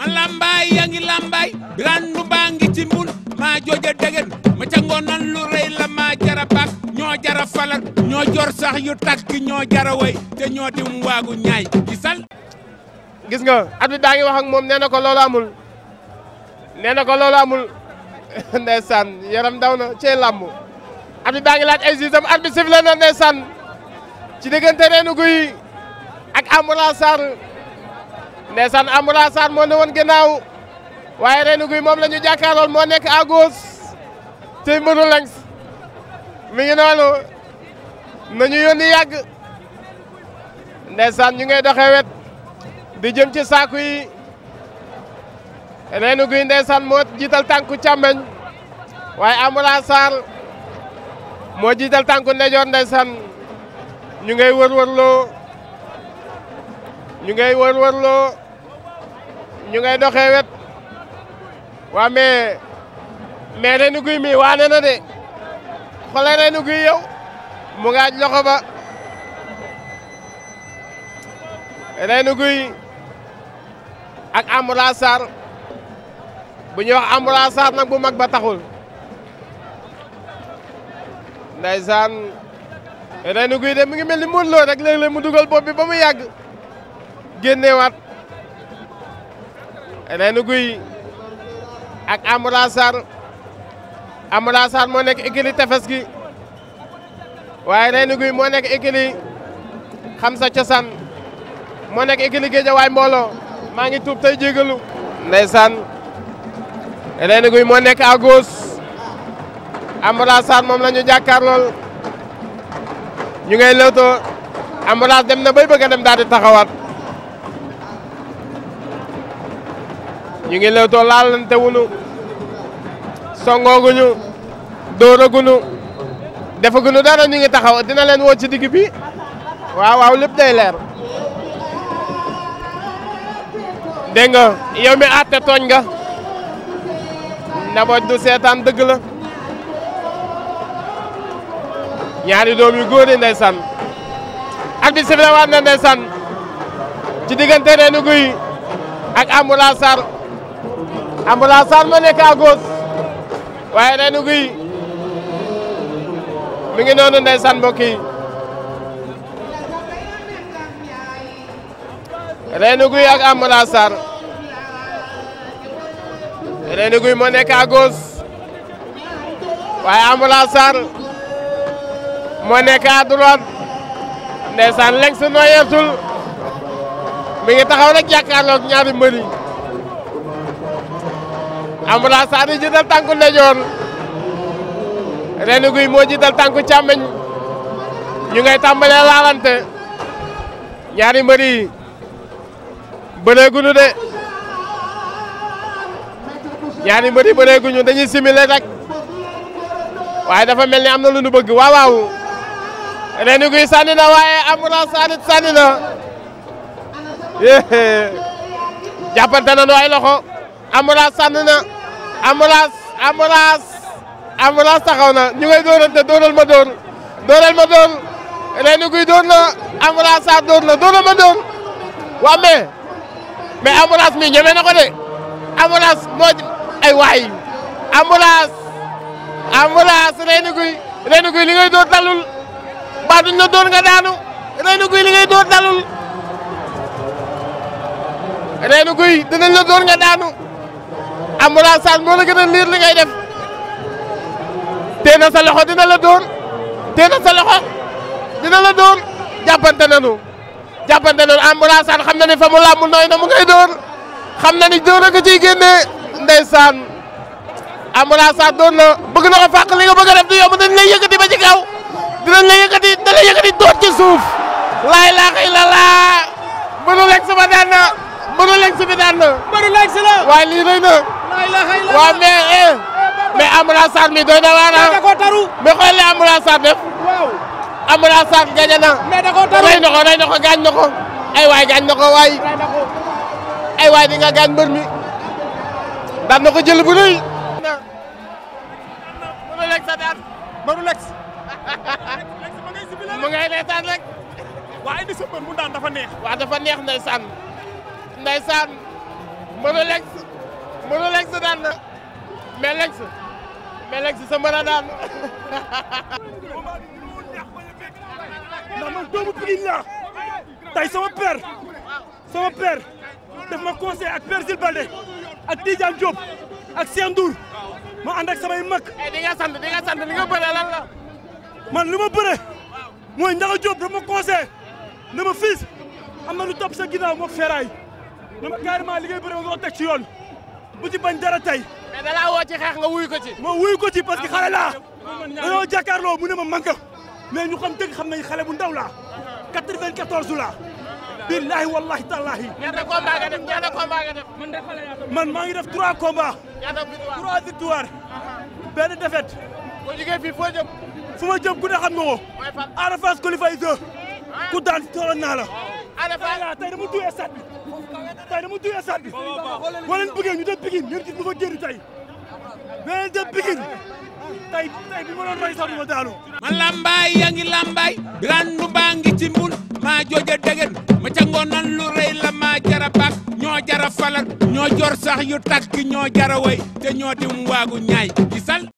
ma lambaay yaa ngi lambaay randu baa ngi ci mbul maa jooja degen ma ca ngoonan lu rëy la maa jara bak ñoo jara falar ñoo jor yu takk ñoo jara te ñoo dim waagu ñaay gisal gis nga at bi baa ngi wax ak moom nee na ko loolu amul nee na ko loolu amul ndeysaan yaram daw na cee làmb at bi baa ngi laaj ay sisam at bi sifle na ndeysaan ci diggante Reenu Guy ak Ambroise ndeysaan Amoura Sarr moo ne woon ginnaaw waaye Reenu Guy moom la ñu jàkkaarlool moo nekk à gauche ci mbëru Lengs mi ngi noonu nañu yónni yàgg ndeysaan ñu ngay doxee wet di jëm ci saaku yi Reenu Guy ndeysaan moo jiital tànku càmmeñ waaye Amoura Sarr moo jiital tànku ndejoor ndeysaan ñu ngay wër-wërloo ñu ngay wërwërloo ñu ngay doxee wet waa mais mais reenu guy mi waane na de xoolee reenu guy yow mu ngaaj loxo ba reenu guy ak Amoura Sarr bu ñuy wax Amoura Sarr nag bu mag ba taxul ndaysaan reenu guy de mu ngi mel ni mën loo rek léeg-léeg mu dugal bopp bi ba mu yàgg génnewaat Elene Guy ak Amadou Sarr Amadou Sarr moo nekk écurie tefes gi waaye Elene Guy moo nekk écurie xam sa cosaan moo nekk écurie Guédiawaye mbooloo maa ngi tuub tey jégalu ndeysaan Elene Guy moo nekk à gauche Amadou Sarr moom la ñu jàkkaar lool ñu ngay dem na bay a dem daal di taxawaat ñu ngi lewtoo laalante wuñu songooguñu dóoraguñu defaguñu dara ñu ngi taxaw dina leen woo ci digg bi waawaaw waaw lépp day leer dégg nga yow mi tooñ nga naboj du seetaan dëgg la ñaari doom yu góor yi ndeysaan ak bi sifle waat na ndeysaan ci diggante Reenu Guy ak Amoura Ambulance Sarr moo nekk à waaye Reenu Guy mi ngi noonu ndeysaan mbokk yi Reenu Guy ak Ambulance Sarr Reenu Guy moo nekk à gauche waaye Ambulance Sarr moo nekk à droite ndeysaan leng si nooyeetul mi ngi taxaw rek jàkkaarloog ñaari mbër Ambulance Sané jiital tànku ndeyjoor Reenu Guy moo jiital tànku càmmeñ ñu laalante ñaari mbër yi bëreeguñu de ñaari mbër yi bëreeguñu rek waaye dafa mel ni am na lu ñu bëgg waaw waaw Reenu Guy waaye Ambulance Sané sànni na jàppante ay loxo Ambulance sànni na. ambulance ambulance ambulance taxaw na ñu ngay dóorante dóoral dóor dóoral ma dóor Reenu Guy dóor na ambulance saa dóor na dóor waaw mais mais ambulance mi ñeme na ko de ambulance ay waay ambulance ambulance Reenu Guy Reenu Guy li ngay dóor dalul ba duñ la dóor nga daanu Reenu Guy li ngay dóor dalul Reenu Guy dinañ la dóor nga daanu Ambulance Sane moo la gën a liir li ngay def tee na sa loxo dina la doon tee sa loxo dina la doon jàppante nañu jàppante nañu Ambulance Sane xam na ni fa mu làmb nooy na mu ngay doon xam na ni doon a ko ciy génnee ndeysaan Ambulance Sane na bëgg na ko fàq li nga bëgg a def du yomb dañ lay yëkkati ba ci kaw dinañ lay yëkkati da lay yëkkati ci suuf laay laa xëy la laa mënu lekk sama daan na mënu lekk sama daan na waaye lii na waaw mais eh mais Ambulance Sarr mi doy na waar ah. da koo taru mais def. waaw Ambulance Sarr na. rey na ko rey na ko gaañ na ko. ay waay gaañ na ko ay waay di nga gaañ mbër mi. daan na jël bu rëy. mënu lex sa daan mënu lex. waa dafa neex. waaw dafa neex ndeysaan. ndeysaan mën a Legs daan na mais Legs mais Legs sa a daan ndax man doomu Pikine laa tey sama père sama père daf ma conseil ak père Zil Balde ak Tidiane Diop ak Cheikh Ndour ma ànd samay mag. Eh, di nga sant di nga sant la. man li ma bëre mooy Ndiaga Diop daf ma conseil ne ma fils na lu topp sa ginnaaw moog feeraay ne ma carrément li ngay bëre ma ko teg ci yoon. bu ci bañ dara tey. mais da laa woo ci xeex nga wuyu ko ci. ma wuyu ko ci parce que xale laa. dañoo mu ne ma man mais ñu xam dëgg xam nañ xale bu ndaw laa. 94 laa. billahi wallahi tallahi. ñaata combat nga def ñaata combat nga def. man maa ngi def 3 combats. ñaata victoire 3 victoire. Uh-huh. benn défaite. boo jugee fii fu ma jëm ku ne xam nga ko. Ada Fass qualifié ah. ku daan tolloon naa la. Oh. Ada tey dama duy stade bi tey dama duy stade bi boo leen bëggee ñu dem Pikine ngeen gis lu fa ma lambaay yaa ngi lambaay biran nu baa ngi ci mbul maa jooja degen ma ca lu rëy la maa jara bak ñoo jara falal ñoo jor sax yu tàkk ñoo jara way te ñoo dim waagu ñaay gisal